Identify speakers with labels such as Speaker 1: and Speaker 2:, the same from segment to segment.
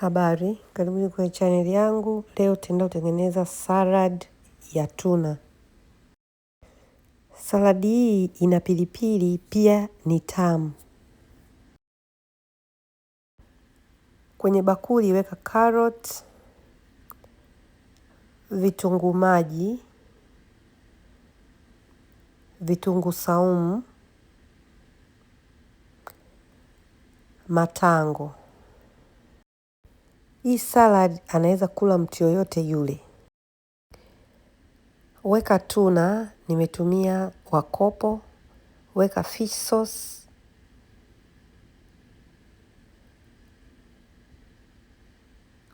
Speaker 1: Habari, karibuni kwenye chaneli yangu. Leo tutaenda kutengeneza salad ya tuna. Saladi hii ina pilipili, pia ni tamu. Kwenye bakuli weka carrot, vitunguu maji, vitunguu saumu, matango hii salad anaweza kula mtu yoyote yule. Weka tuna, nimetumia Wakopo. Weka fish sauce,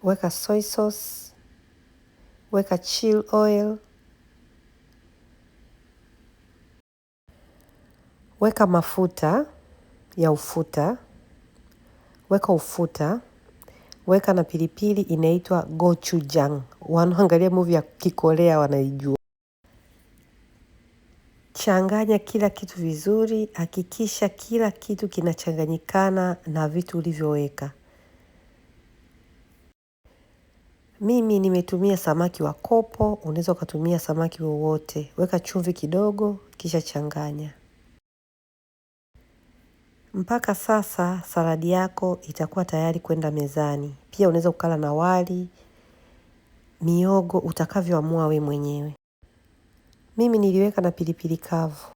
Speaker 1: weka soy sauce, weka chill oil, weka mafuta ya ufuta, weka ufuta weka na pilipili, inaitwa gochujang. Wanaoangalia movie ya Kikorea wanaijua. Changanya kila kitu vizuri, hakikisha kila kitu kinachanganyikana na vitu ulivyoweka. Mimi nimetumia samaki wa kopo, unaweza ukatumia samaki wowote. Weka chumvi kidogo, kisha changanya. Mpaka sasa saladi yako itakuwa tayari kwenda mezani. Pia unaweza kukala na wali, miogo, utakavyoamua we mwenyewe. Mimi niliweka na pilipili kavu.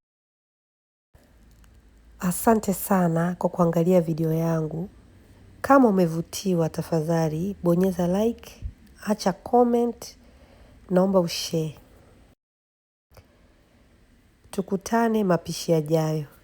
Speaker 1: Asante sana kwa kuangalia video yangu. Kama umevutiwa, tafadhali bonyeza like, acha comment, naomba ushare. Tukutane mapishi yajayo.